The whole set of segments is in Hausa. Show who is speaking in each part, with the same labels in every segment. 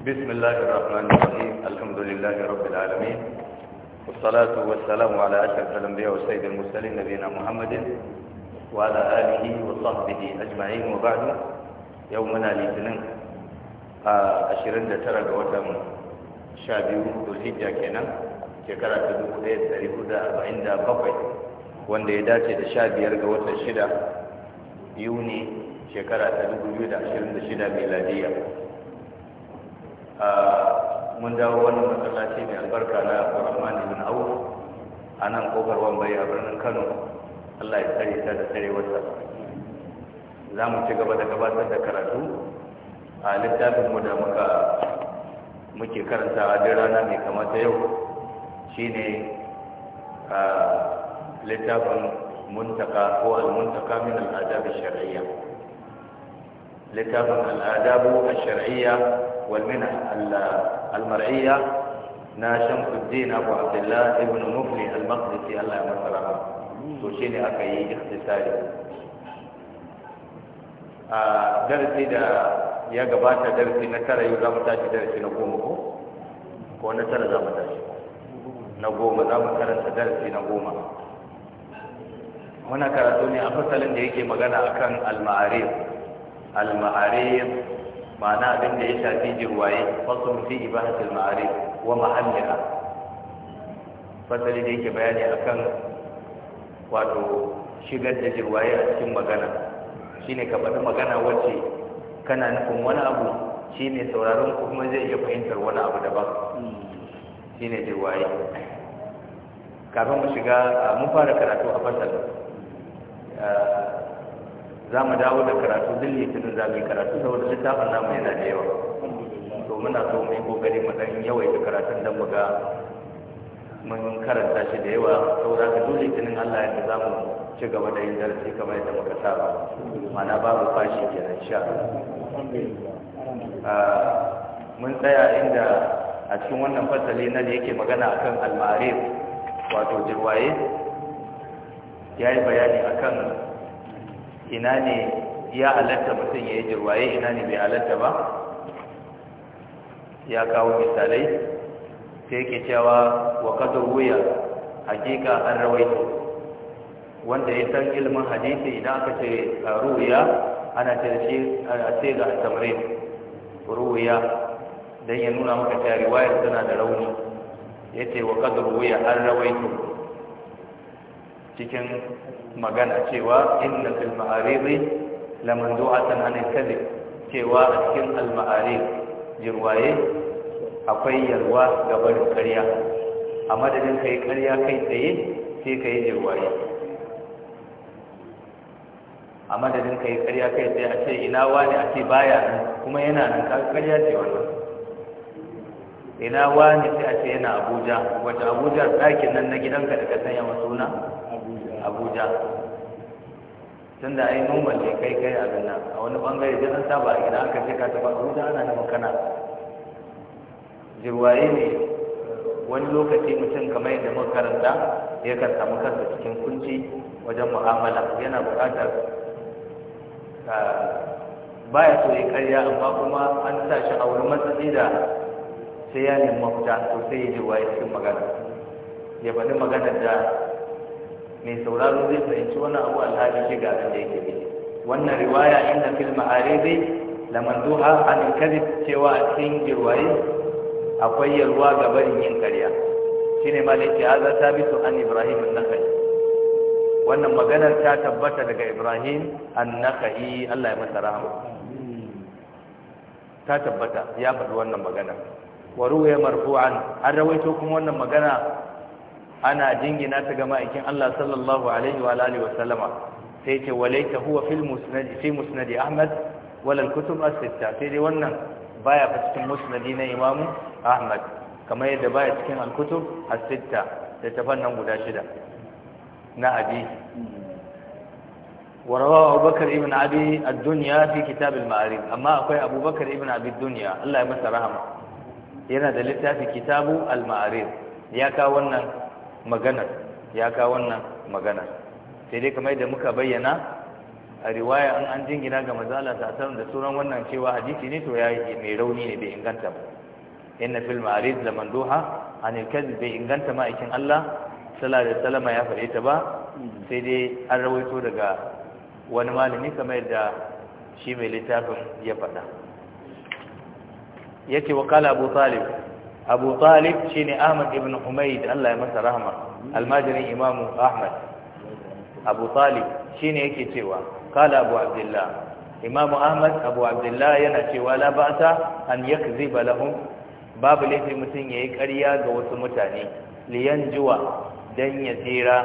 Speaker 1: بسم الله الرحمن الرحيم الحمد لله رب العالمين والصلاة والسلام على أشرف الأنبياء والسيد المرسلين نبينا محمد وعلى آله وصحبه أجمعين وبعد يومنا الاثنين ashirin da tara ga watan sha biyu dulhijja kenan shekara ta dubu ɗaya da ɗari hudu arba'in da bakwai wanda ya dace da sha biyar ga watan shida yuni shekara ta dubu da ashirin da shida mun dawo wannan masallaci mai albarka na Abdurrahman ibn Auf a nan kofar Wambai a birnin Kano Allah ya tsare ta da wata za mu ci gaba da gabatar da karatu a littafin mu da muka muke karanta a duk rana mai kamata yau shine a littafin muntaka ko al-muntaka min al-adab ash-shar'iyya littafin al-adab ash-shar'iyya والمنح المرعية نا شمس الدين أبو عبد الله ابن مفلي المقدسي الله يرحمه سلام توشيني أكاي اختصاري آه، درسي دا يا قباشا درسي نكرا يوزام تاشي درسي نقومه كون نكرا زام تاشي نقوم زام كرا درسي نقومه هناك كرا دوني أفصل يجي مغانا أكان المعاريض المعاريض ma'ana abin da ya shafi jirwaye fasun fi ibahatul ma'ari wa mahalliha fasali da yake bayani akan wato shigar da jirwaye a cikin magana shine ka faɗi magana wacce kana nufin wani abu shine sauraron kuma zai iya fahimtar wani abu daban shine jirwaye kafin mu shiga mun fara karatu a fasal eh, za mu dawo da karatu duk litinin za mu yi karatu saboda littafin namu yana da yawa to muna so mu yi kokari mu dan yawaita karatun dan mu ga mun karanta shi da yawa saboda ka duk litinin Allah yadda za mu ci gaba da yin darasi kamar yadda muka saba mana babu fashi nan sha ah, mun tsaya inda a cikin wannan fasali na da yake magana akan almarif wato jirwaye ya yi bayani akan ina ne ya alatta mutum ya yi jirwaye ina ne bai alatta ba ya kawo misalai sai yake cewa wa kadar wuya hakika an rawaito wanda ya san ilimin hadisi idan aka ce ruya ana ce a ce ga tamrin ruya don ya nuna maka cewa riwayar tana da rauni ya ce wa kadar wuya an rawaito cikin magana cewa inna fil ma'aridi lamandu'atan anil kadhib cewa a cikin al-ma'arid jirwaye akwai yarwa ga barin ƙarya a madadin kai ƙarya kai tsaye sai kai jirwaye a madadin kai ƙarya kai tsaye a ce ina wani a ce baya nan kuma yana nan ka ƙarya ce wannan ina wani sai a ce yana abuja wata abuja ɗakin nan na gidanka da ka sanya masuna abuja tun da noma normal ne kai kai a nan a wani bangare da an saba idan aka ce ka tafi abuja ana da makana jirwaye ne wani lokaci mutum kamar yadda makaranta kan samu kansa cikin kunci wajen mu'amala yana buƙatar baya so ya karya amma kuma an sa shi a wani matsayi da sai ya nemi mafita sosai ya ya jirwaye cikin magana ya faɗi maganar da mai sauraro zai fahimci wani abu alhali shi a abin da yake bi wannan riwaya inda fil ma'arizi la manduha an kadhib cewa a cikin girwaye akwai yalwa ga barin yin karya shine malaki azza sabitu an ibrahim an-nakhai wannan maganar ta tabbata daga ibrahim an-nakhai Allah ya masa rahama ta tabbata ya faɗi wannan magana wa ruwaya marfu'an an rawaito kuma wannan magana ana jingina ta ga ma'aikin Allah sallallahu alaihi wa alihi wasallama sai ce walaita huwa fil musnad fi musnad Ahmad wala kutub as-sitta sai dai wannan baya fa cikin musnadi na Imam Ahmad kamar yadda baya cikin al-kutub as-sitta da tafannan guda shida na abi ورواه أبو بكر ابن أبي الدنيا في كتاب المعارف أما أخوي أبو بكر ابن أبي الدنيا الله يمسى رحمه yana da littafi kitabu al-ma'arif ya kawo wannan maganar ya kawo wannan maganar sai dai kamar yadda muka bayyana a riwaya an an jingina ga mazala ta sanar da sunan wannan cewa hadisi ne to yayi mai rauni ne bai inganta ba inna fil ma'arid la manduha al kadhib bai inganta ma ikin Allah sallallahu alaihi wasallam ya fare ta ba sai dai an rawaito daga wani malami kamar yadda shi mai littafin ya faɗa yake wa qala abu talib abu talib shi ne ahmad ibn humaid allah ya masa rahama almajirin imamu ahmad abu talib shi ne yake cewa kala abu abdullah imamu ahmad abu abdullah yana cewa la ba'sa an yakziba lahum babu laifin mutum ya yi ƙarya ga wasu mutane liyan juwa dan ya tsira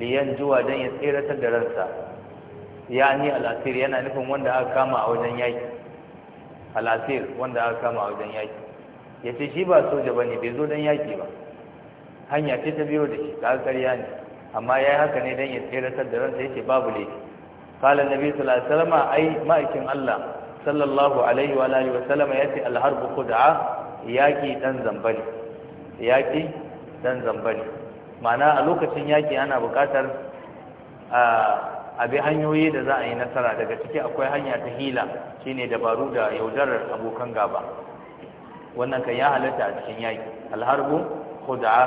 Speaker 1: ta juwa dan ya tsiratar da al'asir yana nufin wanda aka kama a wajen yaki al'asir wanda aka kama a wajen yaki ya ce shi ba soja ba ne bai zo don yaƙi ba hanya ce ta biyo da shi ta ƙarya ne amma ya yi haka ne don ya tseratar da ransa ya ce babu laifi kala nabi sallallahu salama ai ma'aikin Allah sallallahu alaihi wa wa salama ya ce alharbu khud'a yaƙi dan zamba ne yaƙi dan zamba ne ma'ana a lokacin yaƙi ana buƙatar a bi hanyoyi da za a yi nasara daga ciki akwai hanya ta hila shine dabaru da yaudarar abokan gaba wannan kan ya halatta a cikin yaki alharbu khud'a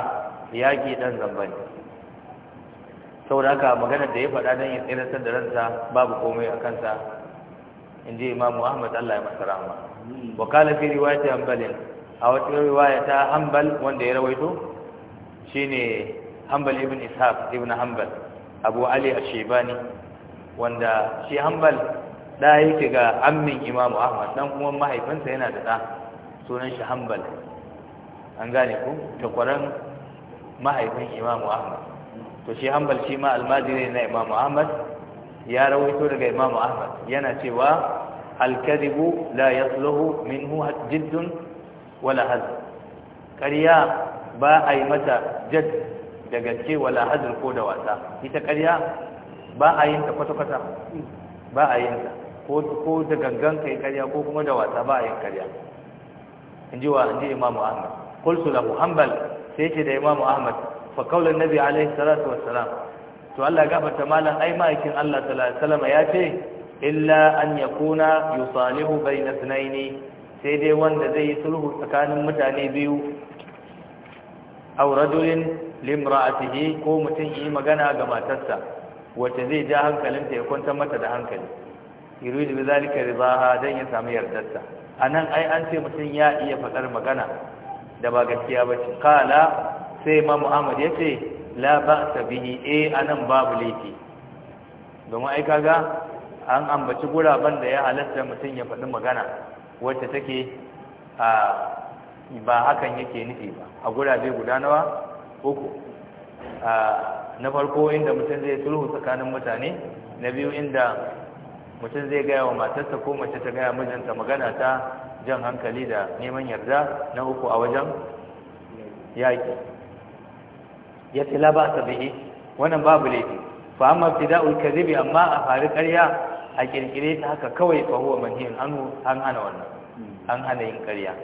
Speaker 1: yaƙi dan zamba ne saboda haka magana da ya faɗa dan ya tsira da ransa babu komai a kansa inji Imam ahmad Allah ya masa rahama wa kala fi riwayati a wata riwaya ta hanbal wanda ya rawaito shine hanbal ibn ishaq ibn hanbal abu ali ash-shaybani wanda shi hanbal da yake ga ammin imamu ahmad dan kuma mahaifinsa yana da da sunan shi hanbal an gane ku takwaran mahaifin imamu ahmad to shi hanbal shi ma almajiri na imamu ahmad ya rawaito daga imamu ahmad yana cewa alkadibu la yasluhu minhu jiddun wala haz ƙarya ba a yi mata jad da gaske wala hazir ko da wasa ita ƙarya ba a yin ta kwata-kwata ba a yin ta ko da gangan kai ƙarya ko kuma da wasa ba a yin ƙarya in ji wa inji imamu ahmad qultu lahu hanbal sai yace da imamu ahmad fa qaulan nabi alaihi salatu wassalam to Allah gafarta malam ai ma'aikin Allah sallallahu alaihi wasallam ya ce illa an yakuna yusalihu bayna ithnaini sai dai wanda zai yi sulhu tsakanin mutane biyu aw rajulin limra'atihi ko mutum yi magana ga matarsa wacce zai ja hankalinta ya kwantar mata da hankali yuridu bi zalika ridaha dan ya samu yardarta a nan ai an ce mutum ya iya faɗar magana da ba gaskiya ba ce kala sai ma Muhammad ya ce la ba sa bihi eh, a nan babu laifi domin ai ga an ambaci guraben da ya halatta mutum ya faɗi magana wacce take a ba hakan yake nufi ba a gurabe guda nawa uku na farko inda mutum zai sulhu tsakanin mutane na biyu inda mutum zai gaya wa matarsa ko mace ta gaya mijinta magana ta jan hankali da neman yarda na uku a wajen yaƙi ya ce laba ta bihi wannan babu laifi fa amma fi fida'ul kadhibi amma a fari ƙarya a kirkire ta haka kawai fa huwa manhiyun anhu an hana wannan an hana yin ƙarya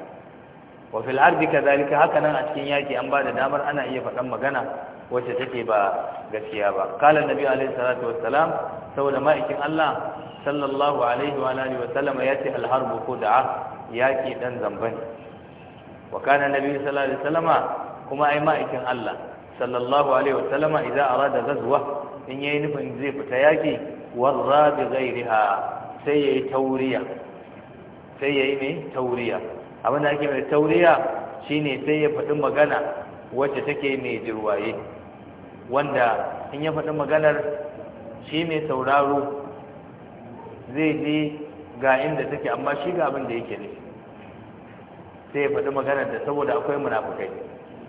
Speaker 1: wa fil ardi kadhalika haka nan a cikin yaƙi an ba da damar ana iya faɗan magana wacce take ba gaskiya ba qala annabi alaihi salatu wassalam saboda ma'aikin Allah sallallahu alaihi wa alihi wa sallama yace al-harbu khud'a yaki dan zamba ne wa kana nabi sallallahu alaihi wa wasallama kuma ai ma'aikin Allah sallallahu alaihi wa wasallama idza arada ghazwa in yayi nufin zai fita yaki warra bi ghairiha sai yayi tauriya sai yayi ne tauriya abin da ake mai tauriya shine sai ya faɗi magana wacce take mai jirwaye wanda in ya faɗi maganar shi mai sauraro zai je ga inda take amma shi ga abin da yake ne sai ya faɗi magana da saboda akwai munafukai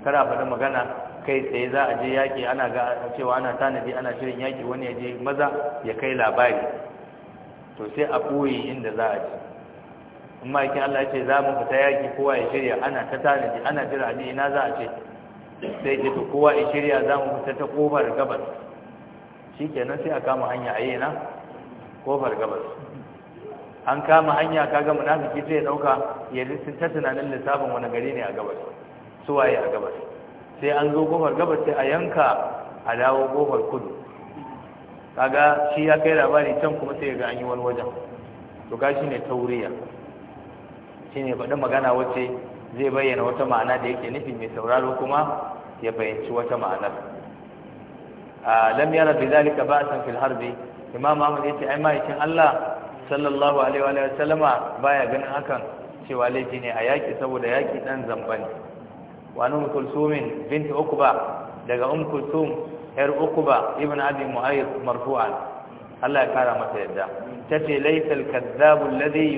Speaker 1: kara faɗi magana kai tsaye za a je yaƙi ana ga cewa ana tanadi ana shirin yaƙi wani ya je maza ya kai labari to sai a ɓoye inda za a je in yake Allah ce za mu fita yaƙi kowa ya shirya ana ta tanadi ana jira a ina za a ce sai ce to kowa ya shirya za mu fita ta ƙofar gabas shi kenan sai a kama hanya a na? kofar gabas an kama hanya kaga munafiki sai ya dauka ya lissin ta tunanin lissafin wani gari ne a gabas su waye a gabas sai an zo kofar gabas sai a yanka a dawo kofar kudu kaga shi ya kai labari can kuma sai ga an yi wani wajen to ga shi ne tauriya shi ne faɗin magana wacce zai bayyana wata ma'ana da yake nufi mai sauraro kuma ya bayyanci wata ma'anar lam yara bi zalika ba'san fil harbi imam ahmad ya ce ai ma'aikin allah sallallahu alaihi wa sallama baya ganin hakan cewa laifi ne a yaƙi saboda yaƙi ɗan zamba ne wani mukulsumin binti ukuba daga um kulsum yar ukuba ibn abi mu'ayyid marfu'an Allah ya kara mata yadda tace laysal kadhabu alladhi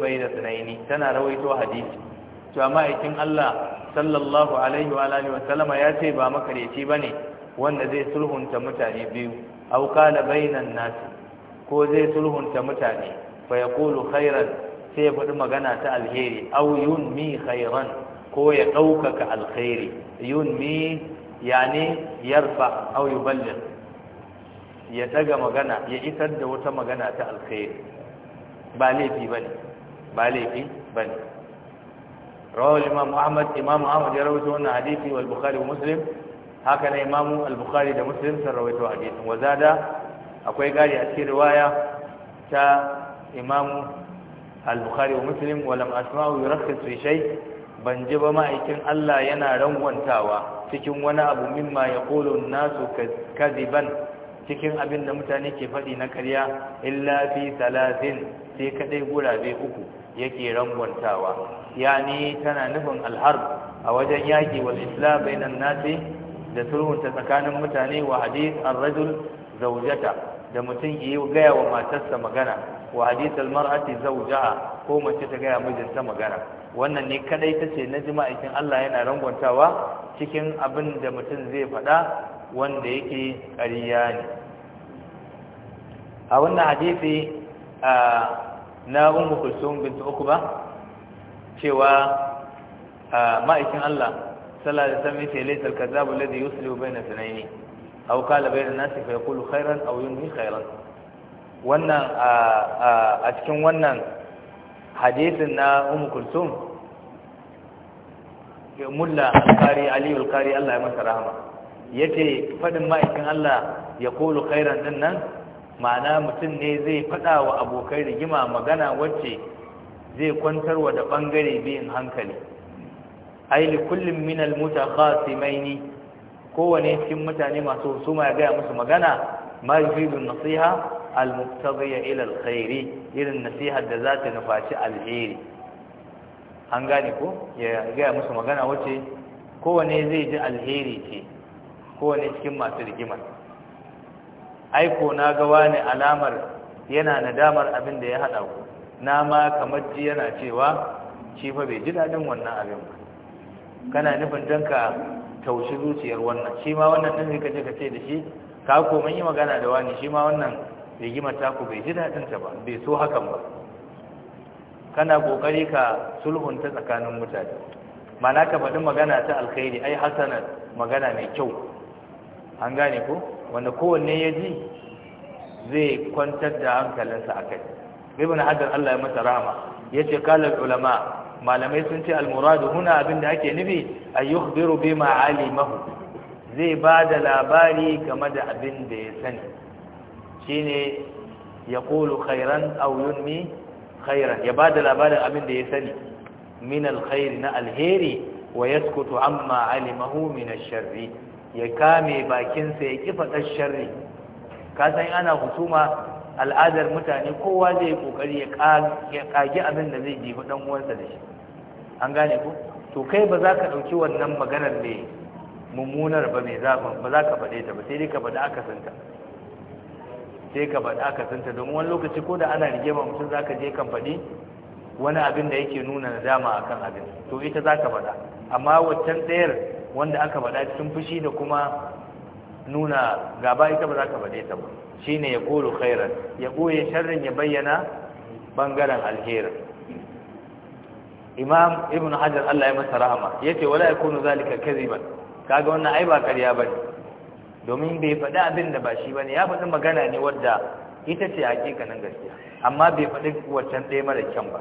Speaker 1: bai da thnayn tana rawaito hadisi to amma ikin Allah sallallahu alaihi wa alihi wa sallama ba makareci wanda zai sulhunta mutane biyu aw kana bainan nas ko zai sulhunta mutane fa yaqulu khairan sai ya faɗi magana ta alheri aw yunmi khairan ko ya ɗaukaka alkhairi yunmi yani yarfa aw yuballigh ya daga magana ya isar da wata magana ta alkhairi ba laifi bane ba laifi bane rawi imam Ahmad imam Ahmad ya rawaito wannan hadisi wal Bukhari wa Muslim haka na imamu al-bukhari da muslim sun rawaito hadisin wazada akwai gari a cikin riwaya ta imamu al-bukhari wa muslim wa lam asma'u yurakhis fi shay ban ji ba ma'aikin Allah yana rangwantawa cikin wani abu mimma yaqulu an-nasu kadiban cikin abin da mutane ke faɗi na ƙarya illa fi salatin sai kadai gurabe uku yake rangwantawa yani tana nufin alharb a wajen yaki wal islam bainan nasi da sulhunta tsakanin mutane wa hadith ar-rajul zawjata da mutum yi gaya wa matarsa magana wa hadith al-mar'ati zawjaha ko mace ta gaya mijinta magana wannan ne kadai tace na jima'in Allah yana rangwantawa cikin abin da mutum zai faɗa wanda yake ƙarya ne a wannan hadisi na ummu kulsum bint ukba cewa ma'aikin Allah sallallahu alaihi wasallam yace laysa al-kazzab alladhi yuslihu bayna thanayn aw qala bayna an-nasi fa yaqulu khairan aw yunhi khairan wannan a cikin wannan hadisin na ummu kulsum mulla al aliyu ali Allah ya masa rahama ce faɗin ma'aikin Allah ya kulu khairan din nan ma'ana mutum ne zai faɗa wa abokai rigima magana wacce zai kwantarwa da bangare biyun hankali ai li kullum min al mutakhasimaini kowane cikin mutane masu husuma ya gaya musu magana ma yufidu nasiha al muqtadiya ila al khairi irin nasiha da za ta nufaci alheri an gane ko ya gaya musu magana wace kowane zai ji alheri ce kowane cikin masu rigimar aiko na gawa ne alamar yana nadamar abin da ya haɗa ku na ma kamar ji yana cewa shi fa bai ji daɗin wannan abin ba kana nufin don ka taushi zuciyar wannan shi ma wannan ɗin ka je ka ce da shi ka ko mun yi magana da wani shi ma wannan rigimar taku bai ji daɗin ta ba bai so hakan ba kana kokari ka sulhunta tsakanin mutane mana ka faɗi magana ta alkhairi ai hasana magana mai kyau an gane ko wanda kowanne ya ji zai kwantar da hankalinsa a kai ibn hajar Allah ya masa rahama ce kalar ulama malamai sun ce almuradu huna abinda ake nufi ayyukhbiru bima ma'alimahu. zai ba da labari game da abin da ya sani shine ya kulu khairan aw yunmi khairan ya ba da labarin abin da ya sani min alkhair na alheri wa yaskutu amma alimahu min sharri ya kame bakinsa ya kifa sharri ka san ana husuma al'adar mutane kowa zai kokari ya kage abin da zai jifi dan uwansa da shi an gane ku to kai ba za ka ɗauki wannan maganar mai mummunar ba mai zafin ba za ka faɗe ta ba sai dai ka faɗi akasinta sai ka faɗi akasinta domin wani lokaci ko da ana rigima mutum za ka je kan faɗi wani abin da yake nuna nadama a kan abin to ita za ka faɗa amma waccan ɗayar wanda aka faɗa cikin fushi da kuma nuna gaba ita ba za ka faɗe ta ba shine ya kolo khairan ya ɓoye sharrin ya bayyana bangaren alherin imam ibn hajar Allah ya masa rahama yace wala yakunu zalika kadhiban kaga wannan ai ba ƙarya bane domin bai faɗi abin da ba shi bane ya faɗi magana ne wadda ita ce hakikanin gaskiya amma bai faɗi wancan ɗaya mara kyan ba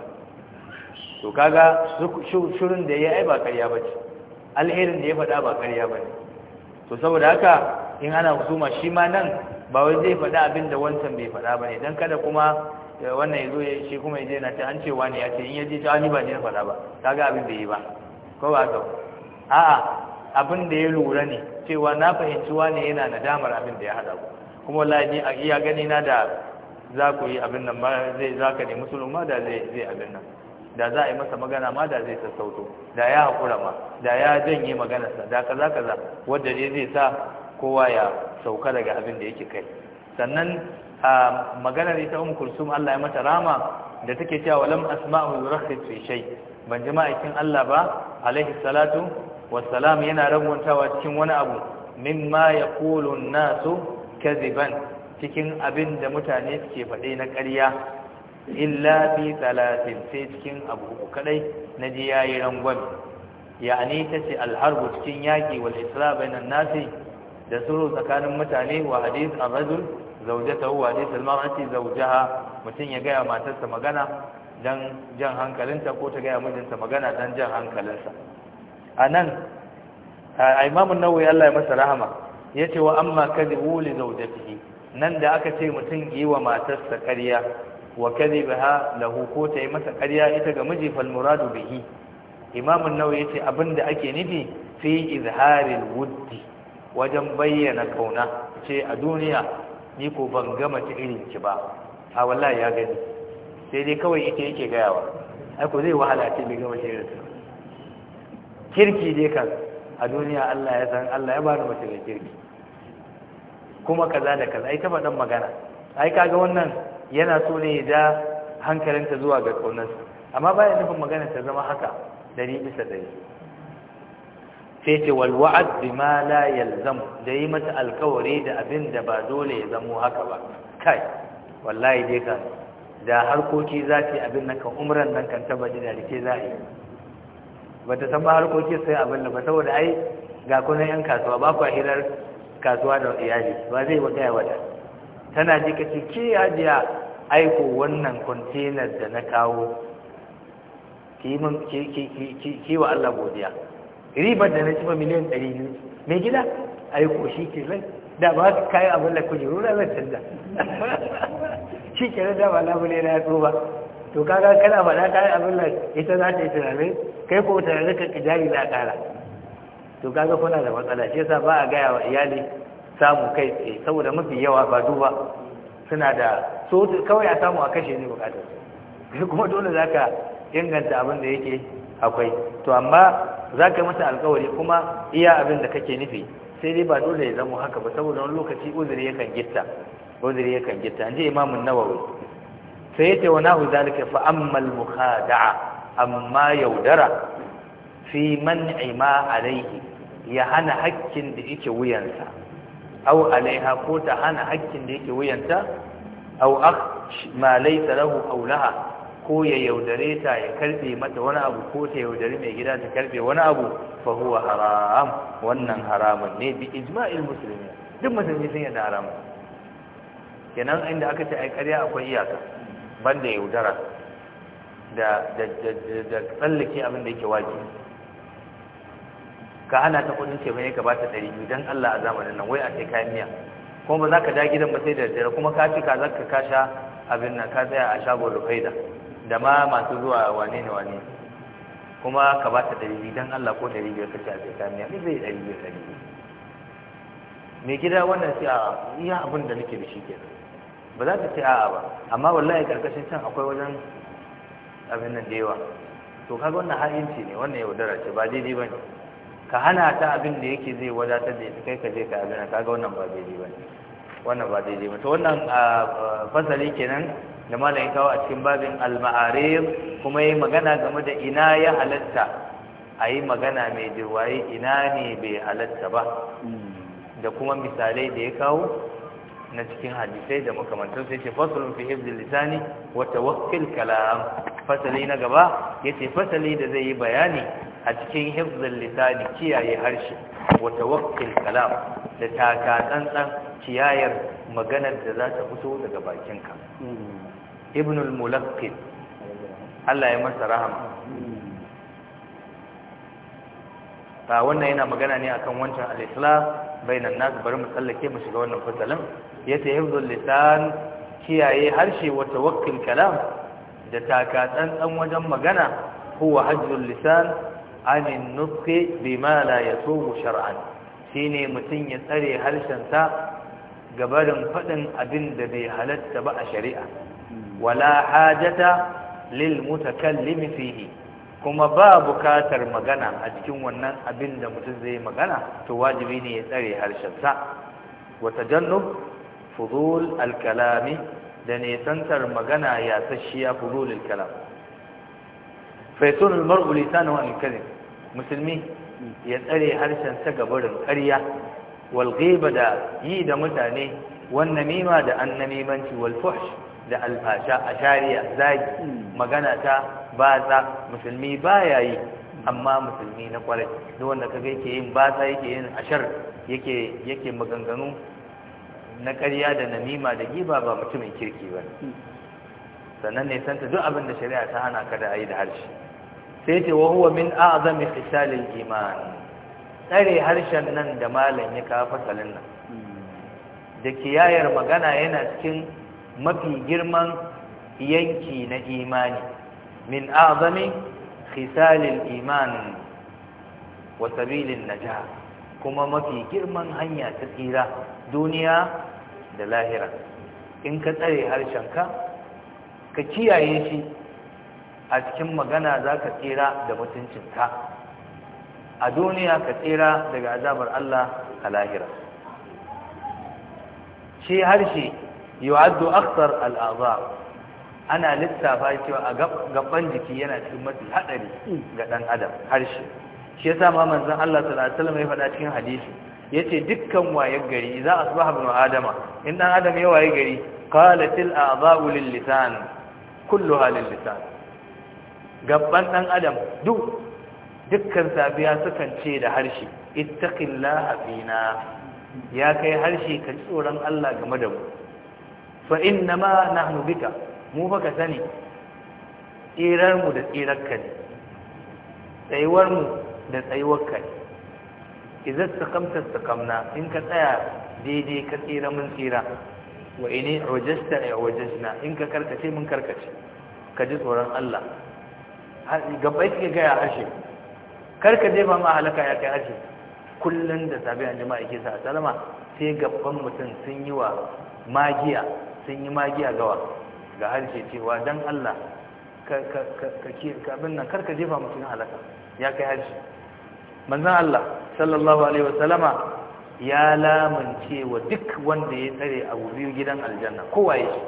Speaker 1: to kaga shirin da ya ai ba ƙarya bace alherin da ya faɗa ba ƙarya bane to saboda haka in ana husuma shi ma nan ba wai zai faɗi abin da wancan bai faɗa bane dan kada kuma Eh, wannan ya zo ya shi kuma ya je na ta an cewa ne ya ce in ya je ta ni ba ne na faɗa ba ta ga abin da yi ba ko ba ka a'a abin da ya lura ne cewa na fahimci wani yana nadamar abin da ya haɗa ku kuma wallahi ni a iya gani na da za ku yi abin nan ba zai za ka nemi musulun ma da zai zai abin nan da za a yi masa magana ma da zai sassauto da ya haƙura ma da ya janye maganarsa da kaza kaza Wadda ne zai sa kowa ya sauka daga abin da yake kai sannan A maganar ita umu kulsum Allah ya mata rama da take cewa walam asma'u yurakhis fi shay ban ji Allah ba alaihi salatu wassalam yana raguntawa cikin wani abu mimma yaqulu an-nasu kaziban cikin abinda mutane suke faɗi na ƙarya illa bi talatin sai cikin abu kadai naji yayi rangwami yani tace al-harbu cikin yaki wal isra bainan nasi da suru tsakanin mutane wa hadith ar-rajul zaujatahu wa laysa al-mar'ati zaujaha mutum ya gaya matarsa magana dan jan hankalinta ko ta gaya mijinta magana dan jan hankalinsa anan Imam an-Nawawi Allah ya masa rahama yace wa amma kadhibu li zawjatihi nan da aka ce mutum yi wa matarsa ƙarya wa kadhibaha lahu ko ta yi masa ƙarya ita ga miji fal muradu bihi Imam an-Nawawi yace abinda ake nufi fi izharil wuddi wajen bayyana kauna ce a duniya ni ko ban gama ta irin ki ba a wallahi ya gani sai dai kawai ita yake gayawa ai ko zai wahala ce bai gama ta irin ta kirki dai kan a duniya Allah ya san Allah ya bada mace mai kirki kuma kaza da kaza ai ta faɗan magana ai kaga wannan yana so ne ya da hankalinta zuwa ga kaunarsa amma baya nufin magana ta zama haka dari bisa dari sai ce wal wa'd ma la yalzam da yi mata alkawari da abin da ba dole ya zamo haka ba kai wallahi dai ka da harkoki za ta yi abin na kan umran nan kan tabbaji da rike za a yi ba ta san ba harkoki sai abin da ba saboda ai ga kunan yan kasuwa ba kwa hirar kasuwa da iyali ba zai wata ya wata tana ji ka ce ke hajiya aiko wannan kwantenar da na kawo ki wa Allah godiya riba da na cima miliyan ɗari ne mai gida a yi koshi ke nan da ba ka kayi abin da kujeru na zan canza shi ke nan dama labule na tsoba ba to kaga kana faɗa kayi abin da ita za ta yi tunanin kai ko tunanin ka kijari na ƙara to kaga kuna da matsala shi yasa ba a gaya wa iyali samu kai tsaye saboda mafi yawa ba duba suna da so kawai a samu a kashe ne bukatar kuma dole za ka inganta abin da yake akwai to amma za ka masa alkawari kuma iya abin da kake nufi sai dai ba dole ya zama haka ba saboda wani lokaci uzuri yakan gitta uzuri yakan gitta an je imamun nawawi sai yace wa nahu zalika fa ammal mukhada'a amma yaudara fi man'i ma alayhi ya hana hakkin da yake wuyansa au alaiha ko ta hana hakkin da yake wuyanta aw akh ma laysa lahu aw laha ko ya yaudare ta ya karbe mata wani abu ko ta yaudare mai gida ta karbe wani abu fa huwa haram wannan haramun ne bi ijma'il musulmi duk musulmi sun yadda haram kenan inda aka ce ai ƙarya akwai iyaka banda yaudara da da da tsallake abin da yake waje. ka ana ta kudin ce bane ka bata 200 dan Allah a zamanin nan wai a sai kayan miya kuma ba za ka da gidan ba sai da dare kuma ka ci ka zaka kasha abin nan ka tsaya a shagon rufaida da ma masu zuwa wane ne wane kuma ka ba ta ɗari biyu don Allah ko ɗari biyar kace a sai ka miya zai ɗari biyar ɗari biyu mai gida wannan sai a iya abin da nake da shi kenan ba za ta ce a'a ba amma wallahi karkashin can akwai wajen abin nan da yawa to kaga wannan ha'inci ne wannan yaudara ce ba daidai ba ne ka hana ta abin da yake zai wadatar da ita kai ka je ka abin kaga wannan ba daidai ba ne wannan ba daidai ba to wannan ah, ah, fasali kenan da malamin kawo a cikin babin al-ma'arif kuma yi magana game da ina ya halatta yi magana mai jirwaye ina ne bai halatta ba da kuma misalai da ya kawo na cikin hadisai da makamantar sai ce fasalin fi hifzil lisani wata wakil kalam fasali na gaba ya ce fasali da zai yi bayani a cikin hifzil lisani kiyaye harshe wata wakil kalam da taka tsantsan kiyayar maganar da za ta fito daga bakinka mm-hmm. ibnul mulaqqin Allah ya masa rahama ta wannan yana magana ne akan wancan al-ikhlas bainan nas bari mu tsallake mu shiga wannan fasalin yace hifzul lisan kiyaye harshe wa tawakkul kalam da taka wajen magana huwa hajjul lisan anin nutqi bima la yatubu shar'an shine mutun ya tsare harshen sa gabarin fadin abin da bai halatta ba a shari'a wala hajata lil mutakallimi fihi kuma ba bukatar magana a cikin wannan abin da mutum zai magana to wajibi ne ya tsare harshensa wata tajannub fudul al-kalami da nesantar magana ya sashiya fudul al-kalam faitun al-mar'u lisanahu al-kalim musulmi ya tsare harshensa ga barin ƙarya wal ghiba da yi da mutane wannan mima da annamimanci wal fuhsh da alfasha a shari'a zagi magana ta batsa musulmi ya yi amma musulmi na kwarai duk wanda kaga yake yin batsa yake yin ashar yake yake maganganu na ƙarya da namima da giba ba mutumin kirki ba sannan ne santa duk abin da shari'a ta hana ka da ayi da harshe sai ce wa huwa min a'zami khisalil iman tsare harshen nan da malam ya kafa salin nan da kiyayar magana yana cikin mafi girman yanki na imani min azami khisalil iman wa sabilin najah kuma mafi girman hanya ta tsira duniya da lahira in ka tsare harshenka ka kiyaye shi a cikin magana za ka tsira da mutuncinka a duniya ka tsira daga azabar Allah a lahira shi harshe yu'addu aksar al'aza ana littafa cewa a gaban jiki yana cikin mafi ga ɗan adam harshe shi yasa sami manzon Allah sallallahu alaihi ya faɗa cikin hadisi ce dukkan waye gari za asbaha ibn adama in ɗan adam ya waye gari qalatil a'dha'u lil lisan kullu lil lisan gaban ɗan adam duk dukkan safiya sukan ce da harshe ittaqillaha fina ya kai harshe ka tsoron Allah game da mu fa innama nahnu bika mu fa ka sani tsirar mu da tsirar ka ne tsayuwar mu da tsayuwar ka ne idza istaqamta istaqamna in ka tsaya daidai ka tsira mun tsira wa ini ujasta ya wajasna in ka karkace mun karkace ka ji tsoron Allah gaba, ke ga ya ashe karka jefa ma halaka ya kai ashe kullun da sabi an jama'a yake sa salama sai gaban mutum sun yi wa magiya sun yi magiya gawa ga harshe cewa don Allah ka abin nan karka jefa mutum halaka ya kai harshe manzan Allah sallallahu alaihi wasallama ya lamance wa duk wanda ya tsare a wuri gidan aljanna kowa ya ce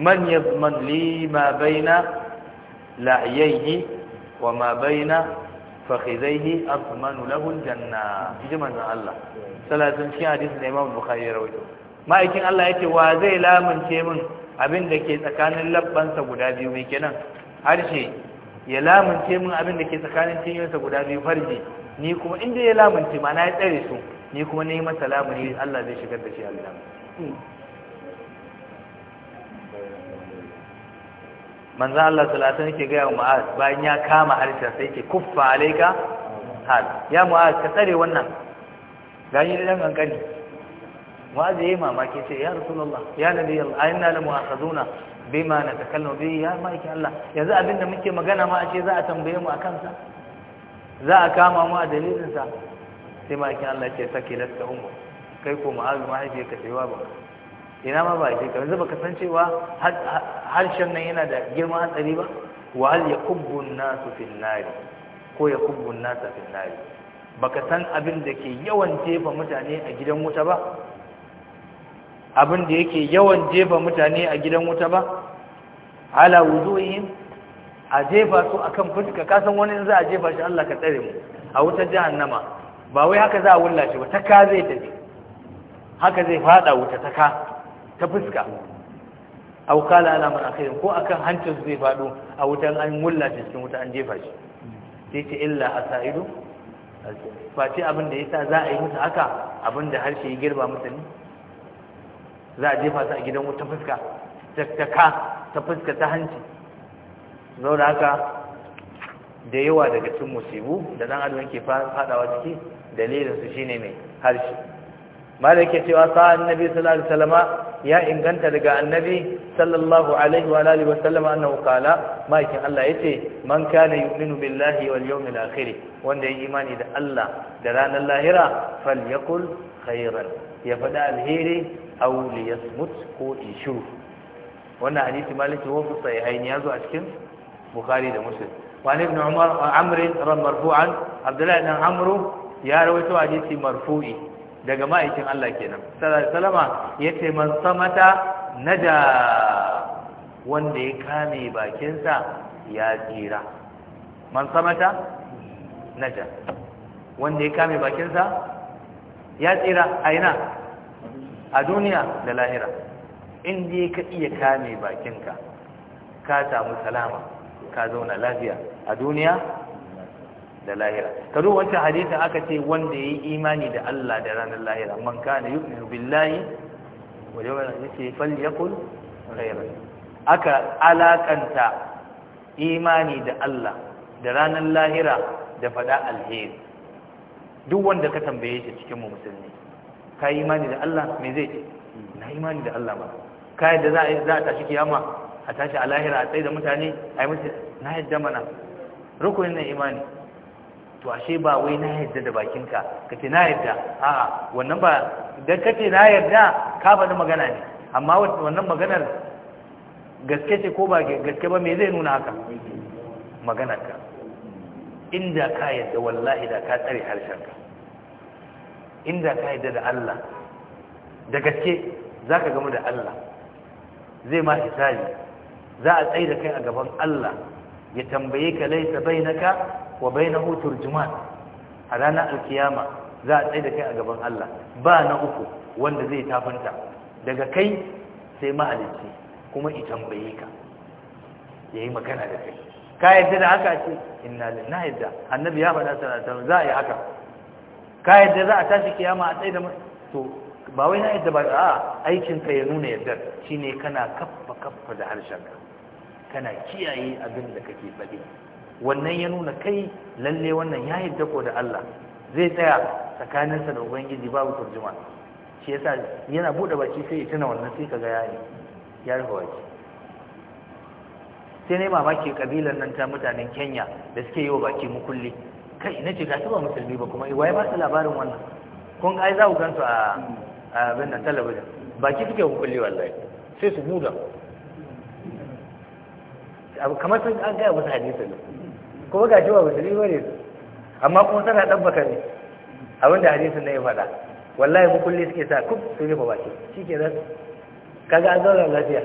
Speaker 1: man li ma baina la'yaihi wa ma baina fakhidaihi azmanu lahu aljanna ji manzan Allah salatun shi hadis hadisi ne Imam Bukhari ya rawaito ma'aikin Allah ya ce wa zai lamunce min abin da ke tsakanin labbansa guda biyu mai kenan harshe ya lamunce min abin da ke tsakanin cinyarsa guda biyu farji ni kuma inda ya lamunce ma na ya tsare su ni kuma na yi masa lamuni Allah zai shigar da shi Allah manzan Allah salatu ke gaya wa mu'az bayan ya kama harshe sai ke kuffa alaika hal ya mu'az ka tsare wannan gani da dan kankani mu'azu yayi mamaki sai ya rasulullah ya nabi Allah inna la mu'akhazuna bima natakallamu bihi ya maiki Allah yanzu abinda muke magana ma a ce za a tambaye mu akan sa za a kama mu a dalilin sa sai maiki Allah ya ce sake lasta ummu kai ko mu'azu mahaifi ka cewa ba ina ma ba ke ka yanzu baka san cewa harshen nan yana da girma hatsari ba wa hal yakubbu an-nasu ko yakubbu baka san abin da ke yawan jefa mutane a gidan wuta ba abin da yake yawan jefa mutane a gidan wuta ba ala wuzuhim a jefa su akan fuska kasan wani in za a jefa shi Allah ka tsare mu a wutar jahannama ba wai haka za a wulla shi ba ta ka zai tafi haka zai fada wuta ta ka ta fuska aw kala ala man akhirin ko akan hancin zai fado a wutan an wulla shi cikin wuta an jefa shi sai ce illa asaidu Fati abin da yasa za a yi musu haka abin da harshe ya girba mutane za a jefa su a gidan wuta fuska ta taka ta fuska ta hanci zau da haka da yawa daga cikin musibu da dan adam ke fadawa ciki dalilin su shine mai harshe malik ke cewa sa annabi sallallahu alaihi wasallama ya inganta daga annabi sallallahu alaihi wa alihi wasallama annahu qala maikin Allah yace man kana yu'minu billahi wal yawmil akhir wanda ya imani da Allah da ranar lahira falyakul khairan ya fada alheri aw liyasmut ko in shiru wannan hadisi maliki wa fi sahihaini yazo a cikin bukhari da muslim wa ibn umar amr marfu'an abdullahi ibn amr ya rawaito hadisi marfu'i daga ma'aikin Allah kenan sallama yace man samata naja wanda ya kame bakinsa ya tsira man samata naja wanda ya kame bakinsa ya tsira aina a duniya da lahira in dai ka iya kame bakinka ka samu salama ka zauna lafiya a duniya da lahira ka duk wancan hadisin aka ce wanda yayi imani da Allah da ranar lahira man kana yu'minu billahi wal yawmil akhir falyakul khairan aka alakanta imani da Allah da ranar lahira da faɗa alheri duk wanda ka tambaye shi cikin musulmi ka yi imani da Allah me zai ce na imani da Allah ba ka yadda za a za a tashi kiyama a tashi a lahira a tsaye da mutane a yi musu na yadda mana rukunin na imani to ashe ba wai na yadda da bakinka ka ce na yadda. a'a wannan ba da ka ce na yadda ka faɗi magana ne amma wannan maganar gaske ce ko ba gaske ba me zai nuna haka maganarka inda ka yadda wallahi da ka tsare harshenka inda ka yadda da Allah da gaske za ka gamu da Allah zai ma hisabi za a tsaye da kai a gaban Allah ya tambaye ka laisa bainaka wa bainahu turjuman a ranar alkiyama za a tsaye da kai a gaban Allah ba na uku wanda zai tafanta daga kai sai mahalicci kuma i tambaye ka yayi magana da kai ka yadda da haka ce inna lillahi da annabi ya faɗa sallallahu alaihi wasallam za a yi haka ka yadda za a tashi kiyama a tsaye da to ba wai na yadda ba a aikin ka ya nuna yadda shine kana kaffa kaffa da harshen ka kana kiyaye abin da kake faɗi wannan ya nuna kai lalle wannan ya yadda ko da Allah zai tsaya tsakaninsa da ubangiji babu turjuma shi yasa yana bude baki sai ya tuna wannan sai kaga yayi ya rufe baki sai ne mamaki kabilan nan ta mutanen Kenya da suke yi wa baki mukulli kai na ce gasu ba musulmi ba kuma waye ba su labarin wannan kun ai za ku gansu a abin nan talabijin baki suke hukulli wallahi sai su muda abu kamar sun an gaya musu hadisi ne kuma ga shi ba musulmi ba ne amma kuma tana dan ne abinda hadisin na ya faɗa wallahi hukulli suke sa kuf su ba baki shi ke zan kaga an zauna lafiya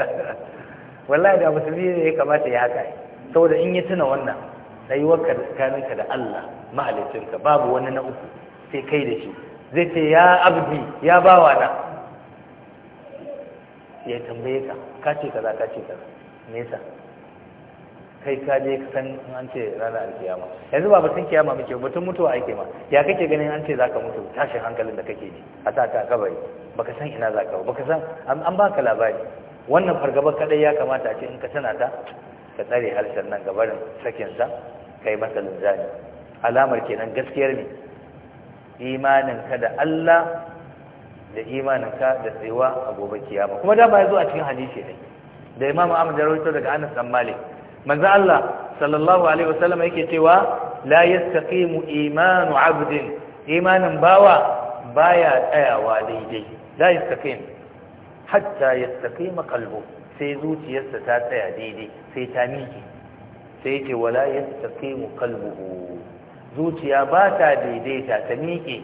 Speaker 1: wallahi da musulmi ne ya kamata ya haka saboda in yi tuna wannan tsayuwarka tsakaninka da Allah mahalicinka babu wani na uku sai kai da shi zai ce ya abdi ya bawa na ya tambaye ka ka ce kaza ka ce kaza nesa kai ka je ka san an ce ranar alkiyama yanzu ba batun kiyama muke batun mutuwa ake ma ya kake ganin an ce zaka mutu tashin hankalin da kake ji a ta ka kabari baka san ina zaka ba baka san an baka labari wannan fargaba kadai ya kamata a ce in ka tana ta ka tsare harshen nan gabarin sakinsa ka yi masa linzami alamar kenan gaskiyar ne imaninka da Allah da imaninka da tsewa a gobe kiyama kuma da ba ya zo a cikin hadisi ne da imam Ahmad da rawaito daga Anas dan Malik manzo Allah sallallahu alaihi wasallam yake cewa la yastaqimu imanu abdin imanin bawa baya tsayawa daidai la yastaqim hatta yastaqima qalbuhu sai zuciyarsa ta tsaya daidai sai ta miƙe sai ce wala mu qalbuhu zuciya ba ta daidai ta ta miƙe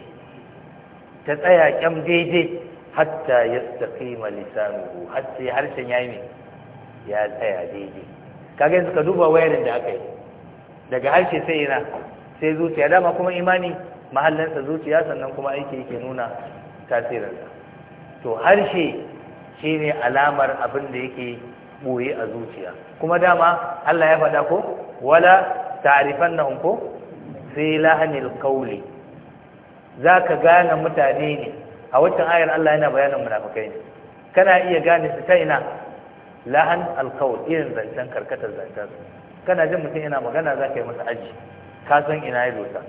Speaker 1: ta tsaya kyam daidai hatta yastaqima lisanuhu har sai harshen ya yi ya tsaya daidai kaga yanzu ka duba wayarin da aka yi daga harshe sai yana sai zuciya dama kuma imani mahallansa zuciya sannan kuma aiki yake nuna tasirinsa to harshe Shi ne alamar abin da yake ɓoye a zuciya kuma dama Allah ya faɗa ko wala nan ko lahanil lahnil Za ka gane mutane ne a waccan ayar Allah yana bayanin munafukai ne kana iya gane su ta ina lahan alqawl irin zancen karkatar zancen kana jin mutum yana magana za ka yi masa aji ka san ina ya dosa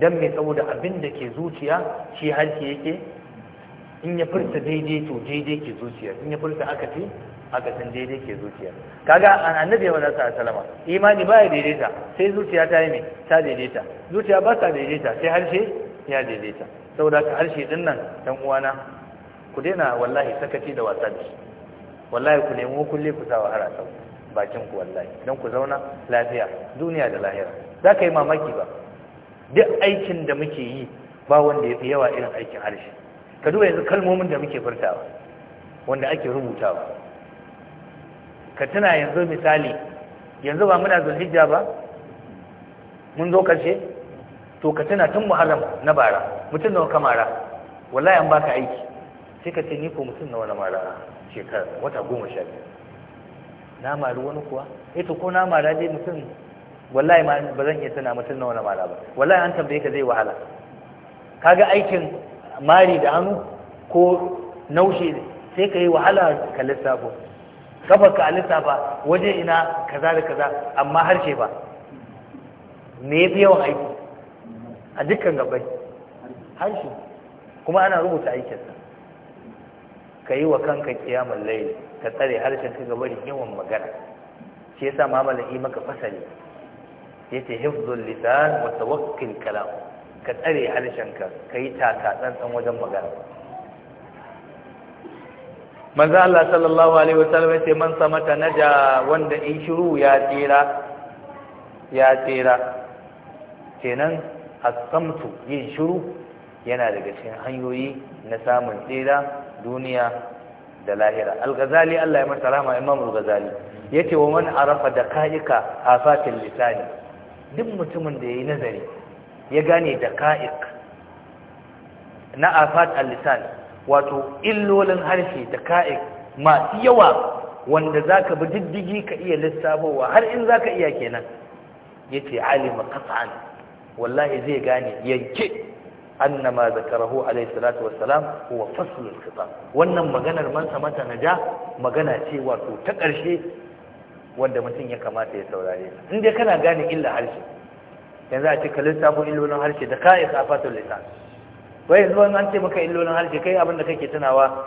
Speaker 1: Don me saboda abin da ke zuciya shi harki yake in ya furta daidai to daidai ke zuciya in ya furta aka ce aka san daidai ke zuciya kaga an annabi wa alaihi wasallam imani baya daidaita sai zuciya ta yi me ta daidaita zuciya ba ta daidaita sai harshe ya daidaita saboda ka harshe din nan dan uwana ku daina wallahi sakaci da wasa da wallahi ku nemo kulle ku sa wahara sau bakin ku wallahi dan ku zauna lafiya duniya da lahira za ka yi mamaki ba duk aikin da muke yi ba wanda ya fi yawa irin aikin harshe ka duba yanzu kalmomin da muke furtawa wanda ake rubutawa ka tuna yanzu misali yanzu ba muna zulhijja ba mun zo karshe to ka tuna tun muharram na bara mutum nawa ka mara wallahi an baka aiki sai ka ce ni ko mutum nawa na mara shekara wata goma sha biyu na mari wani kuwa eh to ko na mara dai mutum wallahi ma ba zan iya tuna mutum nawa na mara ba wallahi an tambaye ka zai wahala kaga aikin mari da hannu ko naushe sai ka yi wahala ka lissafo kafa ka lissafa waje ina kaza da kaza amma harshe ba me ya fi yawan aiki a dukkan gabai harshe kuma ana rubuta aikinsa ka yi wa kanka kiyamun laili ka tsare harshen ka gaba da yawan magana shi yasa mamalin yi maka fasali yace hifzul lisan wa tawakkil kalam ka tsare harshenka ka yi taka ɗanɗan wajen magana Maza Allah sallallahu alaihi wasallam ya ce man samata naja wanda in shiru ya tsira ya tsira kenan asamtu yin shiru yana daga cikin hanyoyi na samun tsira duniya da lahira al-ghazali Allah ya masa rahma imam al-ghazali yace wa man arafa da a afatil lisani duk mutumin da yayi nazari ya gane da ka'ik na afat al-lisan wato illolin harshe da ka'ik masu yawa wanda zaka bi diddigi ka iya lissafowa har in zaka iya kenan yace alim qat'an wallahi zai gane yanke annama zakarahu alayhi salatu wassalam huwa al khitab wannan maganar man samata naja magana ce wato ta ƙarshe wanda mutum ya kamata ya saurare ta in kana gane illa harshe yanzu a ce ka lissafo illolin harshe da ka'i safatul lisan wai yanzu wani an ce maka illolin harshe kai abin da kake tunawa